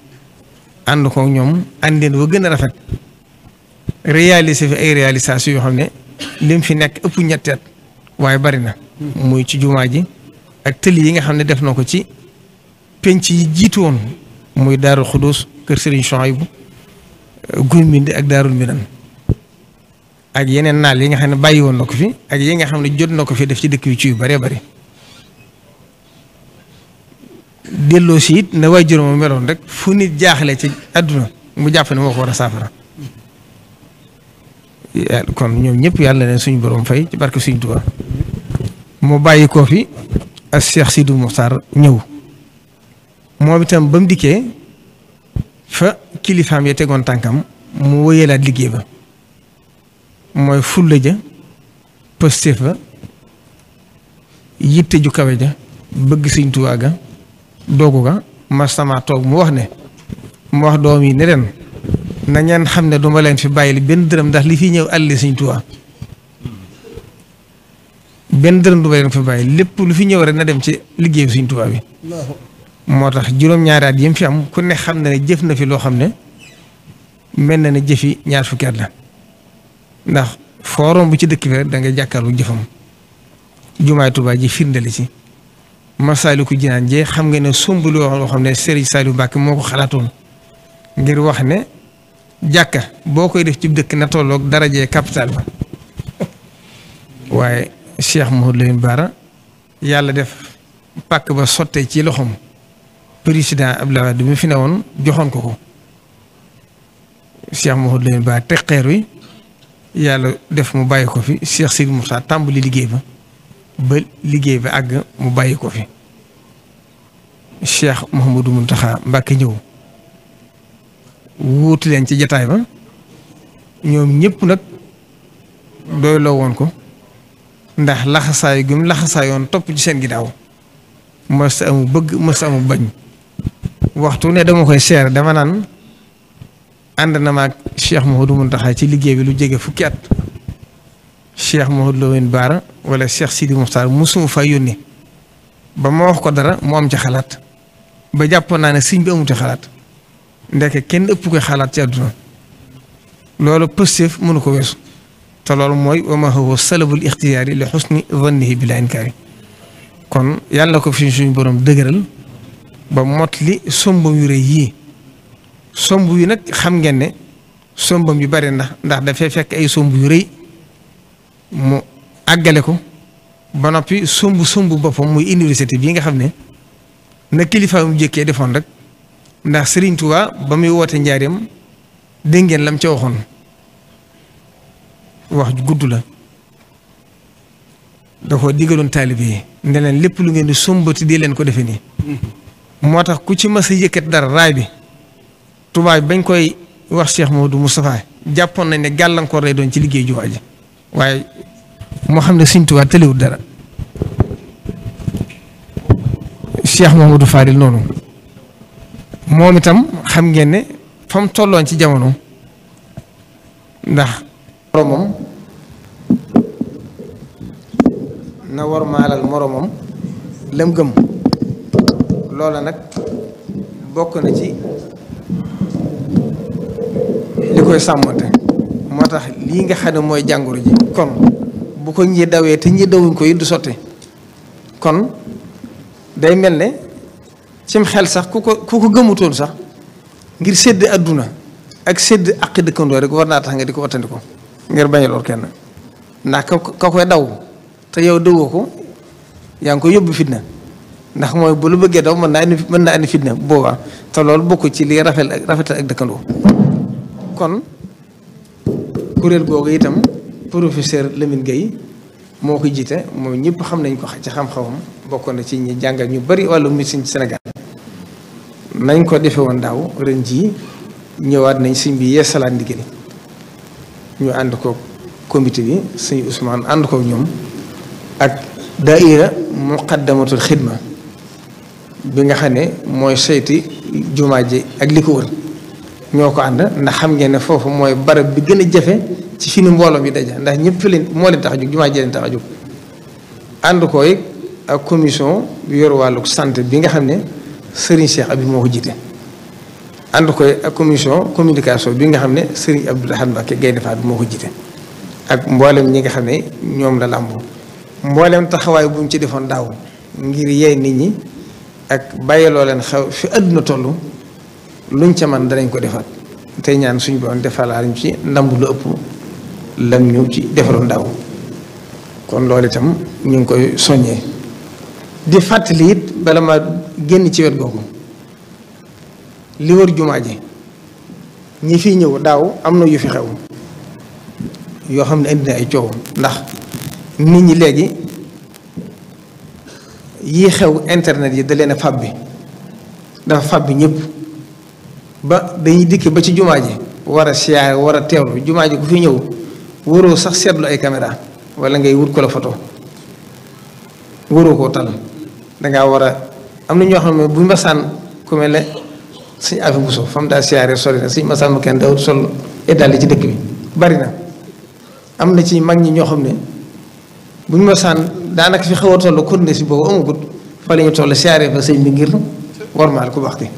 ànd ko ñoom àndeen wa gën a rafet réaliser fi ay réalisation yoo xam ne lim fi nekk ëpp ñetti waaye bari na muy ci jumaa ji ak tëli yi nga xam ne def na ko ci penc yi jiitu woon muy Daaru Xudoos kër Sëriñ Suhaybu Guy Mbind ak Daarul Minam ak yeneen naal yi nga xam ne bàyyi woon na ko fi ak yi nga xam ne jot na ko fi def ci dëkk bi ci yu bëree bëri delloo siit it ne waay juróom meloon rek fu nit jaaxle ci àdduna mu jàpp ne moo ko war a saafara kon ñoom ñëpp yàlla leen suñu borom fay ci barke suñu Tuubaa mu bàyyi koo fi ak Cheikh Sidou Mokhtar ñëw moom itam ba mu dikkee fa kilifaam ya tegoon tànkam mu wëyalaat liggéey ba mooy fulla ja pëste fa yitte ju kawe ja bëgg suñu Tuubaa ga doogu ga mas sama toog mu wax ne mu wax doom yi ne leen na ngeen xam ne duma leen fi bàyyil benn dërëm ndax li fi ñëw àlli Sëñ Tuubaa benn dërëm duma leen fi bàyyi lépp lu fi ñëw rek na dem ci liggéeyu Sëñ Tuubaa bi moo tax juróom-ñaari at yi fi am ku ne xam na jëf na fi loo xam ne mel na ne jëfi ñaar fukki at la ndax foo romb ci dëkk bi rek da nga jàkkaarlu jëfam jumaay Tuubaa ji firndali ci Masaalikul Jinaan jee xam nga ne somb loo xam ne Serigne Saliou Mbacke moo ko xalaatoon ngir wax ne jàkka boo koy def ci dëkk na tolloog darajee kapital ba [laughs] waaye Cheikh Mouhamadou Lamine Bara yàlla def pàkk ba sottee ci loxoom président Abdoulaye Wade bi fi ne woon joxoon ko ko Cheikh Mouhamadou Lamine Bara teg xeer wi yàlla def mu bàyyi ko fi Cheikh si Moussa tàmbali liggéey ba. ba liggéey bi àgg mu bàyyi ko fi Cheikh Mouhamadou taxaa Mbacké ñëw wuutu leen ci jataay ba ñoom ñëpp nag doyloo woon ko ndax laxasaayu gi mu laxasaayoon topp ci seen ginnaaw mës amu bëgg mës amu bañ waxtu ne dama koy seer dama naan ànd na moo du mun taxaa ci liggéey bi lu jege fukki at cheikh Mouhamadou Lamine Bara wala cheikh Sidi Moukhtar mosuma faa yónnee ba ma wax ko dara mu am ca xalaat ba jàppoon naa ne sëñ bi amuti xalaat ndeke kenn ëpp koy xalaat ci àdduna loolu positif mënu ko weesu te loolu mooy wa ma huwa salabul ixtiyaari li xusni zannihi bila inkaari kon yàlla ko fi suñu borom dëgëral ba mot li sombam yu rëy yii somb yu nag xam ngeen ne sombam yu bari na ndax dafay fekk ay somb yu rëy. mu àggale ko ba noppi sumb sumb boppam muy université bii nga xam ne na kilifa mu jëkkee defoon rek ndax Serigne Touba ba muy woote njaareem dégg ngeen lam ca waxoon wax ju gudd la da ko digaloon taalibe yi ne lépp lu ngeen di sombati di leen ko defe nii moo tax ku ci ma a yëkkat dara raay bi tubaab bañ koy wax moo du mu Moustapha jàppoon nañ ne gàllankoor lay doon ci liggéey jumaa ji waaye moo xam ne Sëñ Tuubaa tëlewul dara Cheikh Mamadou Fadil noonu moom itam xam ngeen ne fa mu tolloon ci jamono ndax moromam na war maalal moromam lam gëm loola nag bokk na ci li koy sàmmante moo tax lii nga xam ne mooy jàngoro ji kon bu ko ñi dawee te ñi dawuñ ko yi du sotti kon day mel ne cim xel sax ku ko ku ko gëmutoon sax ngir sédd adduna ak sédd aqi dëkkandoo rek war naa tax nga di ko wattandiko ngir bañ lool kenn ndax ka ka koy daw te yow dawoo ko yaa ngi koy yóbbu fitna ndax mooy bu lu bëggee daw mën naa indi mën naa indi fitna boobaa te loolu bokk ci li rafet rafetal ak dëkkandoo kon kuréel googu itam professeur lemin Gueye moo ko jiite moom ñëpp xam nañ ko ci xam-xamam bokkoon na ci ñi jàngal ñu bari wàllu médecine ci senegal nañ ko defe woon daaw ren ñëwaat nañ siñ bi yeesalaat ndigal ñu ànd ko comité bi suñu Ousmane ànd kook ñoom ak daaira muqaddamatul xidma bi nga xam ne mooy seyti jumaa ji ak li ko wër ñoo ko ànd ndax xam ngeen ne foofu mooy barab bi gën a jafe ci fi ni bi daja ndax ñëpp fi leen moo leen tax a jóg jumaa ji leen tax a jóg ànd koy it ak commission bi yor wàllu santé bi nga xam ne Serigne Cheikh Abi moo ko ak commission communication bi nga xam ne Serigne Abdoul Ahad Mbacké Gaïndé moo ko jiite ak mboolem ñi nga xam ne ñoom la làmboo mboolem taxawaay bu ñu ci defoon daaw ngir yeey nit ñi ak bàyyiloo leen xew fi àdduna toll. luñ ca man danañ ko defaat tey ñaan suñu borom defalaat ci ndam lu ëpp lam ñu ci defaloon daaw kon loolu itam ñu ngi koy soññee di fàttali it bala ma génn ci wet googu li wër jumaa ji ñi fi ñëw daaw am na yu fi xew yoo xam ne indi na ay coow ndax nit ñi léegi yi xew internet yi da leen a fab bi dafa fab bi ñëpp ba dañuy dikk ba ci jumaa ji war a siyaare war a teewlu jumaa ji ku fi ñëw waroo sax seetlu ay caméra wala ngay wut ko la photo waroo koo tal dangaa war a am na ñoo xam ne bu ñu masaan ku mel ne suñu affaire bu so fa ci dëkk bi bari na am na ci mag ñi ñoo xam ne bu ñu masaan daanaka fi xaw a toll kon ne si boobu amagut fa la ñu toll siyaare fa sëñ bi ngir warmaal ku baax ki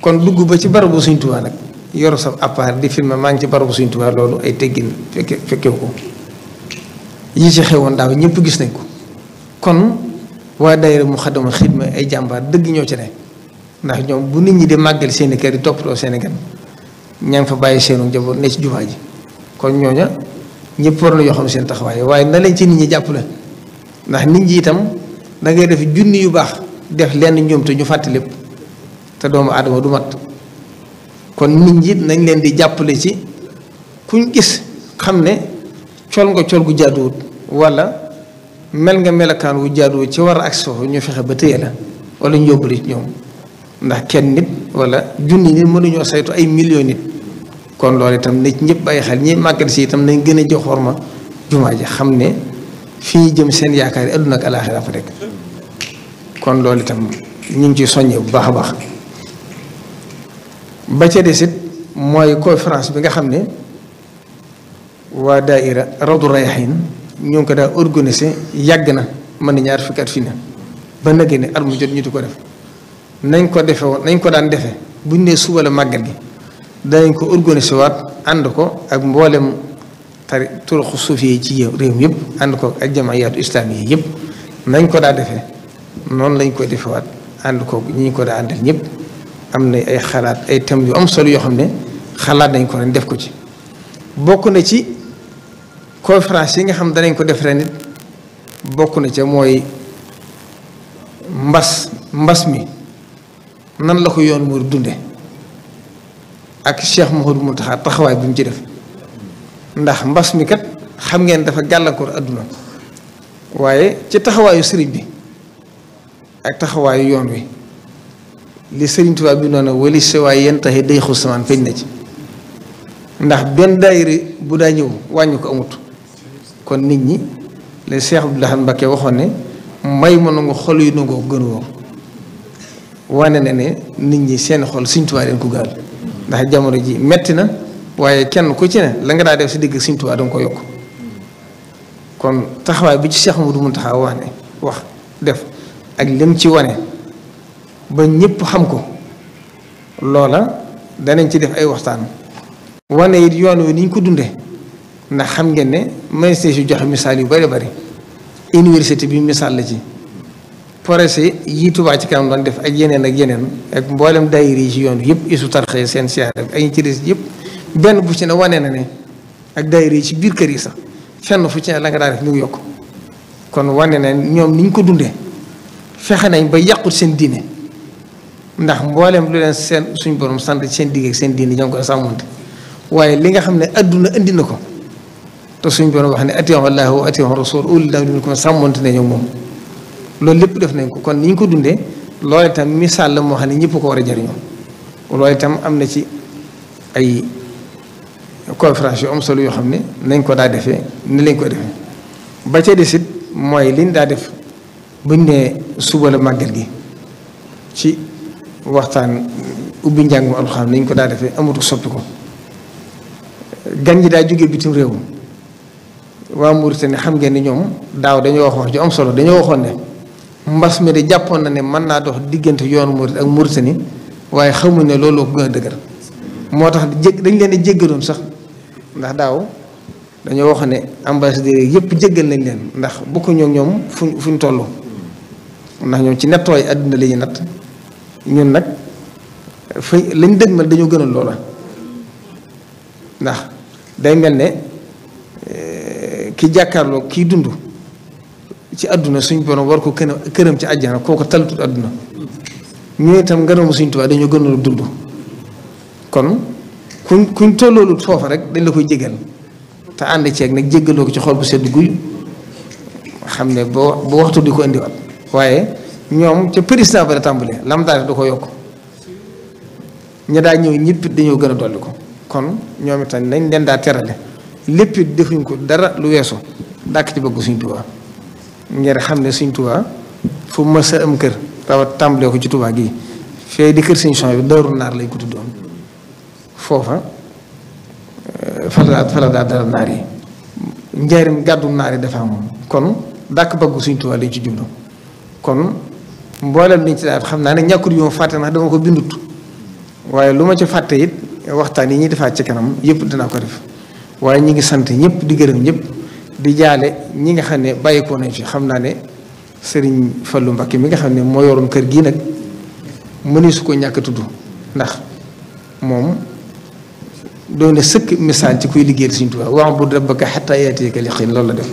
kon dugg ba ci barabu Sëñ Tuubaa nag yoru sa appareil di filmer maa ngi ci barabu Sëñ Tuubaa loolu ay teggin fekke fekkewu ko yi ci xewoon daaw ñëpp gis nañ ko kon waa daayira Muxaddamatul Xidma ay jàmbaar dëgg ñoo ci ne ndax ñoom bu nit ñi di màggal seeni kër di toppatoo ña ngi fa bàyyi seenu njaboot ne ci jumaa ji kon ñooña ñëpp war na yoo xam seen taxawaay waaye na leen ci nit ñi la ndax nit ñi itam da ngay def junni yu baax def lenn ñoom te ñu fàtte lépp te doomu aadama du mat kon nit ñi nañ leen di jàppale ci kuñ gis xam ne col nga col gu jaaduwut wala mel nga melokaan wu jaaduwut ci war a agsi foofu ñu fexe ba téye la wala ñu yóbbu ci ñoom ndax kenn nit wala junni nit mënuñoo saytu ay million nit kon loolu itam nit ñëpp ay xel ñi màggat si itam nañ gën a jox ma jumaa ji xam ne fi fii jëm seen yaakaar yi àdduna ak alaaxira fa rek kon loolu itam ñu ngi ciy soññee bu baax a baax ba ca desit mooy conférence bi nga xam ne waa daaira Rawdu Rayaahiin ñu ngi ko daa organisé yàgg na man na ñaar fukki at fii na ba nag ñu di ko def nañ ko defe woon nañ ko daan defe buñ nee suba la màggal gi danañ ko organisé waat ànd ko ak mboolem tari turuqu suuf yi ci réew mi yëpp ànd ko ak jamayaatu islaam yi yëpp nañ ko daa defee noonu lañ koy defewaat ànd ko ñi ñu ko daa àndal ñëpp am na ay xalaat ay thèmes yu am sol yoo xam ne xalaat nañ ko ren def ko ci bokk na ci conférence yi nga xam danañ ko def ren it bokk na ci mooy mbas mbas mi nan la ko yoon mu dunde ak Cheikh Mouhamadou Mountakha taxawaay bi mu ci def ndax mbas mi kat xam ngeen dafa gàllankoor adduna waaye ci taxawaayu sëriñ bi ak taxawaayu yoon wi li Serigne Touba bi noonu wali sewaay yenn taxi day xus samaan feeñ na ci ndax benn daayira bu daa ñëw wàññi ko amut kon nit ñi le Cheikh Abdou Lahad Mbacké waxoon ne may ma nangu xol yu nangoo gën woo wane na ne nit ñi seen xol Serigne Touba leen ko gaal ndax jamono ji metti na waaye kenn ku ci ne la nga daa def si digg Serigne Touba danga ko yokk kon taxawaay bi ci Cheikh mun Mountakha wax ne wax def ak lim ci wane ba ñëpp xam ko loola danañ ci def ay waxtaan wane it yoon wi ni ko dunde ndax xam ngeen ne ministère yu joxe misaal yu bari bari université bi misaal la ci projet yi Touba ci kanam doon def ay yeneen ak yeneen ak mboolem day yi ci yoon wi yëpp isu tarxee seen siyaar ak ay ci des yëpp benn bu ci ne wane na ne ak daayir yi ci biir kër yi sax fenn fu ci ne la nga daa def ñu ngi yokk kon wane na ñoom ni ko dundee fexe nañ ba yàqut seen diine ndax mbooleem lu leen seen suñ borom sant seen digg ak seen diini ñoo ngi koy sàmmonte waaye li nga xam ne adduna indi na ko te suñ borom wax ne atiiwu Allaah wa atiiwu Rasuul ulil amri minkum sàmmonte ne ñoom moom loolu lépp def nañ ko kon ni ko dundee loolu itam misaal moo xam ne ñëpp ko war a jëriñoo loolu am na ci ay conférence am solo yoo xam ne nañ ko daa defee ni lañ ko defee ba ca desit mooy liñ daa def buñ ne suba la màggal gi waxtaan ubbi njàngum alxuraan nañ ko daa defee amatu soppi ko gan ñi daa jóge bitim réew waa Mauritanie xam ngeen ni ñoom daaw dañoo wax wax ju am solo dañoo waxoon ne mbas mi de jàppoon na ne mën naa dox diggante yoonu Maurit ak Mauritanie waaye xamuñ ne looloo gën a dëgër moo tax jég dañ leen a jéggaloon sax ndax daaw dañoo wax ne ambassadeur yëpp jéggal nañ leen ndax bokkuñoo ñoom fuñ fuñ toll ndax ñoom ci nettooy àdduna la natt ñun nag fa lañ ma dañoo gënal loola ndax day mel ne eh, ki jàkkaarloo kii dund ci àdduna suñ borom war ko këram këram ci àjjana kooku talatut àdduna ñu itam ngërëmu suñ Tuubaa dañu gënal dund kon kuñ kuñ tolloolut foofa rek dañ la koy jégal te ànd ceeg nag jéggaloo ko ci xol bu sedd guy xam ne boo boo waxtu di ko indiwaat waaye ñoom ca président ba la tàmbalee lam daa def ko yokk ña daa ñëw ñëpp dañoo gën a dolli ko kon ñoom itam nañ leen daa terale lépp it defuñ ko dara lu weesu dàkk ci bëgg suñ Tuubaa ngeen xam ne suñ Tuubaa fu mu am kër rawat tàmbalee ko ci Tuubaa gii fee di kër suñu son bi Daaru Naar lañ ko tuddoon foofa euh, fala fala daa dara naar yi njaarim gàddu naar yi dafa amoon kon dàkk bëgg suñ Tuubaa lañ ci jublu kon mboolem liñ ci daal xam naa ne ñàkkul yu ma fàtte ndax dama ko bindut waaye lu ma ci fàtte it waxtaan yi ñuy defaat ci kanam yëpp dinaa ko def waaye ñi ngi sant ñëpp di gërëm ñépp di jaale ñi nga xam ne bàyyikoo nañ fi xam naa ne sëriñ Fallou Mbacké mi nga xam ne moo yoroon kër gii nag mënu su ko ñàkk tudd ndax moom doone na sëkk misaal ci kuy liggéeyal Sëriñ Tuubaa wa'bud rabbaka hattaa ya'tiyakal yaqiin loolu la def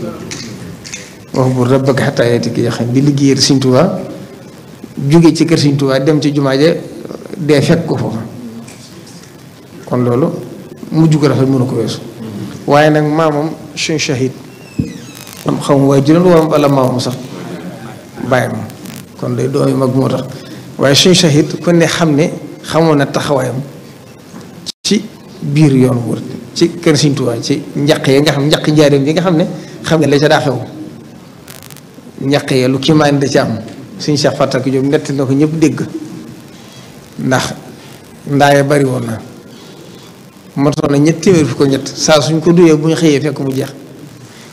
wa'bud rabbaka hattaa ya'tiyakal yaqiin di liggéeyal Sëriñ Tuubaa jóge ci kër Sëriñ Tuubaa dem ci jumaa ja dee fekk ko foofu kon loolu mu mujj ko rafet mënu ko weesu waaye nag maamam suñ shahid am xaw ma waaye juróom wala wala maamam sax bàyyi ma kon day doom mag moo tax waaye suñ shahid ku ne xam ne xamoon na taxawaayam ci biir yoon wër ci kër Sëriñ Tuubaa ci njaq yi nga xam njaq njaareem yi nga xam ne xam ne la ca daa xew njaq yi lu kiimaan da ci am suñu Cheikh Fatak Diop nett na ko ñëpp dégg ndax ndaaye bari woon na matoon na ñett téeméer fi ko ñett saa suñ ko duyee bu ñu xëyee fekk mu jeex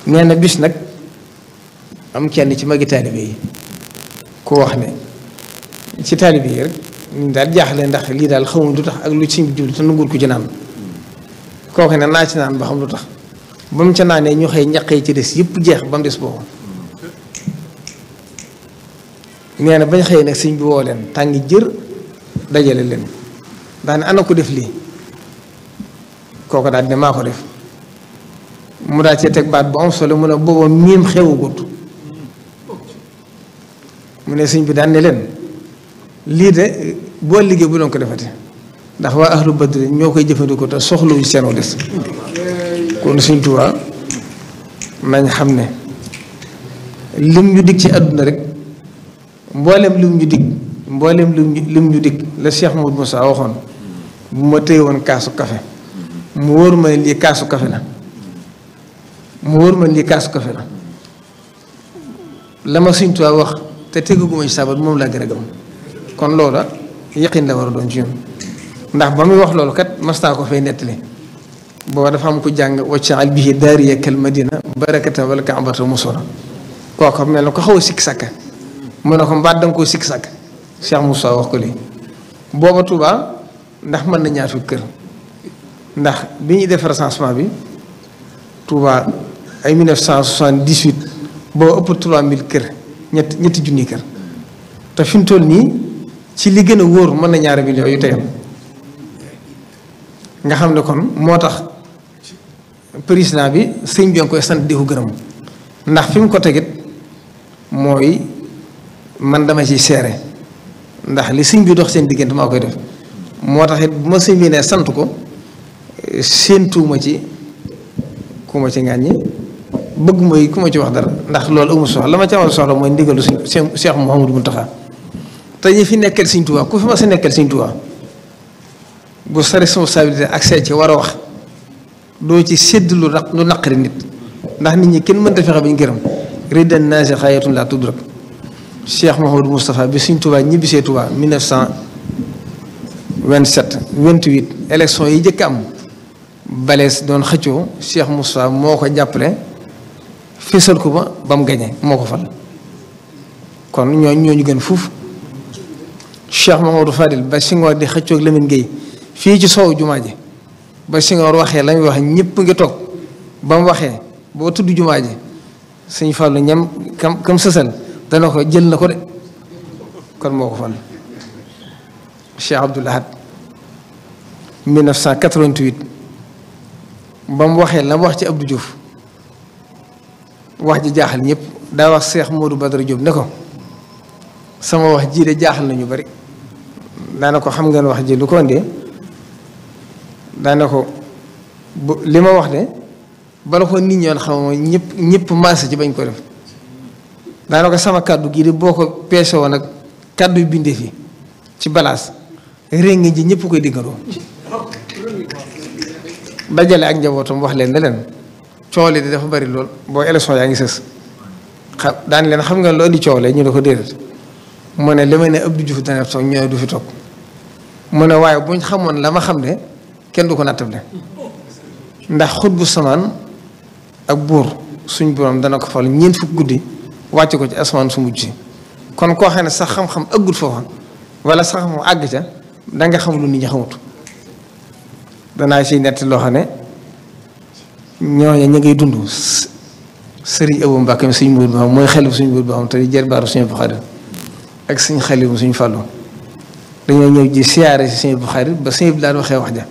nee na bis nag am kenn ci magi taalibe yi ku wax ne ci daal jaaxle ndax lii daal xamul du tax ak lu ci jublu te nangul ko ci naan kooku ne naa ci naan ba xam lu tax ba mu ca naanee ñu xëy ñaq ci des yëpp jeex ba mu des boobu nee na bañ xëy nag sëñ bi woo leen tàngi jër dajale leen daa ne ana ko def lii kooku daal ne maa ko def mu daal cee teg baat bu am solo mu ne booba miim xewugut mu ne sëñ bi daan ne leen lii de boo liggéey bu doon ko defate ndax waa ahlu badri ñoo koy jëfandikoo te soxlawuñ seen des kon sëñ Tuubaa nañ xam ne lim ñu dig ci àdduna rek mboolem lim ñu dig mboolem lim ñu lim ñu dig la Cheikh Moudou Moussa waxoon bu ma téye woon kaasu kafe mu wóor ma lii kaasu kafe la mu wóor ma lii kaasu kafe la la ma Sëñ Tuubaa wax te tegaguma ci sabat moom laa gën a gëm kon loola yaqin la war a doon ci ñun ndax ba muy wax loolu kat mastaa ko fee nettali boo dafa am ku jàng waccaal bihi daariya kal madina barakata wala kaabata musora kooku mel na ko xaw a sikki mu ne ko mbaat da nga koy sikk sàkk Cheikh Moussa wax ko lii booba Touba ndax mën na ñaatu kër ndax bi ñuy def recensement bi Touba ay 1978 boo ëpp 3000 kër ñett ñetti junni kër te fi mu toll nii ci li gën a wóor mën na ñaari millions yu teyam nga xam ne kon moo tax président bi sëñ bi nga koy sant di ko gërëm ndax fi mu ko tegit mooy. man dama ciy seere ndax li siñ bi dox seen diggante maa koy def moo tax it bu ma sëñ bi ne sant ko séentuuma ci ku ma ci ŋàññi bëgg mooy ku ma ci wax dara ndax loolu amul soxla la ma ci amal soxla mooy ndigalu sëñ Cheikh Mouhamadou Mountakha te ñi fi nekkal sëñ Tuubaa ku fi ma sa nekkal sëñ Tuubaa bu sa responsabilité ak see ci war a wax doo ci sédd lu naq lu naqari nit ndax nit ñi kenn mënta fexe ba ñu gërëm ridan naasi xaayatun laa tudrak Cheikh Mouhamadou Moustapha bi suñ Tuubaa ñibbisee Tuubaa 1927 28 élection yi njëkk am balees doon xëccoo Cheikh Moustapha moo ko jàppale fésal ko ba ba mu gañe moo ko fal kon ñooñu ñooñu gën fuuf Cheikh Mouhamadou Fadil ba Senghor di xëccoo ak Lamine Gueye fii ci soow jumaa ji ba Senghor waxee lañuy wax ñëpp ngi toog ba mu waxee boo tudd jumaa ji Sëriñ Fallu ñam kam kam sësal te loxo jël na ko de kon moo ko fal Cheikh Abdoul Ahad 1988 ba mu waxee la mu wax ci abdu Diouf wax ji jaaxal ñépp daa wax Cheikh Modou Badara jóob ne ko sama wax jii de jaaxal nañu bari daana ko xam nga ngeen wax ji lu ko indee daana ko bu li ma wax de bala ko nit ñoon xam ñëpp ñëpp maase ci bañ ko def daanaka sama kàddu gii de boo ko peese woon ak kàddu yu bindee fi ci balaas réngi ji ñëpp koy diggandoo dajale ak njabootam wax leen ne leen coow li di dafa bari lool boo élection yaa ngi sës xam daan leen xam nga lu indi coow la ñu ne ko déedéet mu ne li ma ne Abdou Diouf dana toog ñooy du fi toog mu ne waaye buñ xamoon la ma xam ne kenn du ko nattable ndax xut bu samaan ak buur suñ borom dana ko fal ñeent fukk guddi wàcce ko ci asamaan su mujj kon koo xam ne sax xam-xam ëggul wala sax xam-xam àgg ca da xam lu nit ñi xamut danaa siy nett loo xam ne ñooñu ñu ngay dund sëriñ Abu Mbàkke suñ mbuur bi xam mooy xelif suñ mbuur bi xam te di jarbaaru suñu Buxaari ak suñ xelif suñ fàllu dañoo ñëw ji siyaare si suñu Buxaari ba suñu bi daal waxee wax ja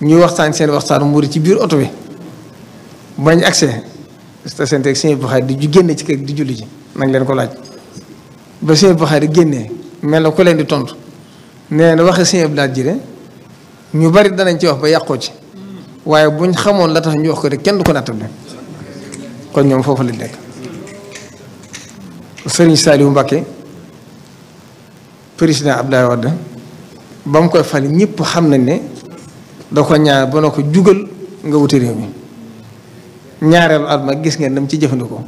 ñuy waxtaan seen waxtaan muuri ci biir oto bi bañ accès te seen teg Sëñ Buxaari di génne ci kër di julli ji nag leen ko laaj ba Sëñ Buxaari génne mel na ko leen di tontu nee na waxe Sëñ Abdulaat ji de ñu bari danañ ci wax ba yàqoo ci waaye buñ xamoon la tax ñu wax ko de kenn du ko nattable kon ñoom foofu lañ nekk Sëriñ Saliou Mbacké président Abdoulaye Wade ba mu koy fal ñëpp xam nañ ne da ko ñaar ba na ko jugal nga wuti réew mi ñaareelu at ma gis ngeen dem ci jëfandikoo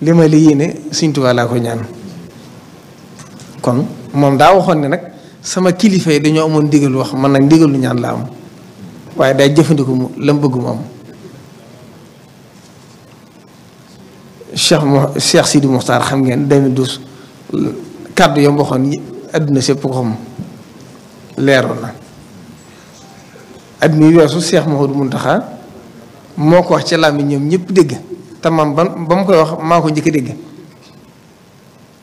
li ma li yéene Sëriñ Tuubaa laa ko ñaan kon moom daa waxoon ne nag sama kilifa yi dañoo amoon ndigal wax man nag ndigalu ñaan la am waaye day jëfandiku lam la bëgg mu am Cheikh mo Cheikh Sidi Mokhtar xam ngeen 2012 kàddu yam waxoon àdduna sépp ko xam leeroon na at mi weesu Cheikh Mouhamadou Mountakha moo ko wax ci làmmiñ ñoom ñëpp dégg te man ba ba mu koy wax maa ko njëkk dégg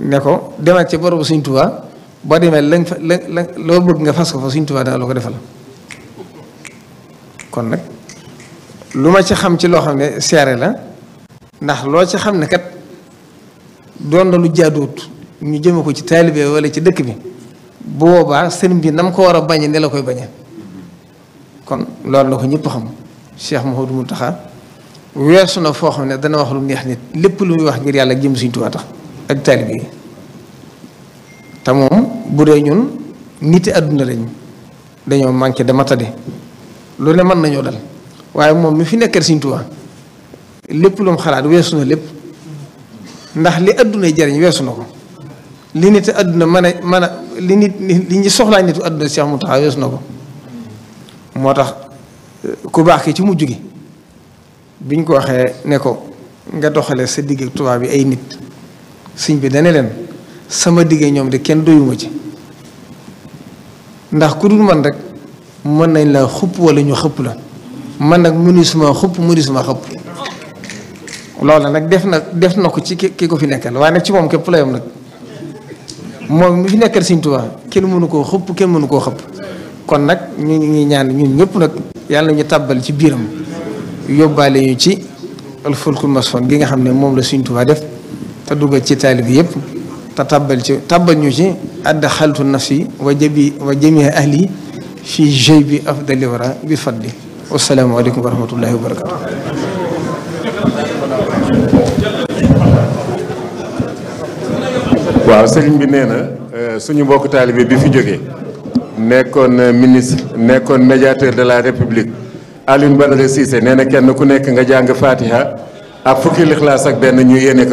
ne ko demal ci borobu Sëñ Tuubaa boo demee lañ fa la loo bëgg nga fas ko fa Sëñ Tuubaa dana la ko defal kon nag lu ma ci xam ci loo xam seere la ndax loo ci xam ne kat doon na lu jaaduwut ñu jëme ko ci taalibe wala ci dëkk bi bu boobaa sëriñ bi nam ko war a bañe ne la koy bañe kon loolu la ko ñëpp xam Cheikh Mouhamadou taxaa weesu na foo xam ne dana wax lu neex nit lépp lu muy wax ngir yàlla jëm Sëriñ Tuubaa tax ak taalibe yi te moom bu dee ñun niti àdduna lañ dañoo manqué dama tade lu ne mën nañoo dal waaye moom mi fi nekkal Sëriñ Tuubaa lépp lu xalaat weesu na lépp ndax li àdduna jariñ weesu na ko li nit àdduna mën a mën a li nit li ñu soxlaa nitu àdduna Cheikh Mountakha weesu na ko moo tax ku baax ki ci mujj gi biñ ko waxee ne ko nga doxale sa digg tubaab bi ay nit sëñ bi dane leen sama digg ñoom de kenn doyuma ci ndax ku dul man rek mën nañ la xupp wala ñu xëpp la man nag mu xupp mënisuma xëpp loolu nag def na def na ko ci ki ko fi nekkal waaye nag ci moom képp la nag moom mu fi nekkal siñ Tuubaa kenn mënu koo xëpp kenn mënu koo xëpp kon nag ñu ngi ñaan ñun ñëpp nag yàlla ñu tàbbal ci biiram yóbbaale ñu ci alfulkul masfon gi nga xam ne moom la Sëriñ Tuubaa def te dugal ci taalib yëpp te tàbbal ci tàbbal ñu ci adda xaltu nafsi wa jabi jamii ahli fi jey bi afdali wara bi fadli waaw sëriñ bi nee euh, suñu bokk taalibe bi fi jógee nekkoon euh, ministre nekkoon médiateur de la république Alioune Badara Cissé nee na kenn ku nekk nga jàng Fatiha ak fukki lixlaas ak benn ñu yéene ko.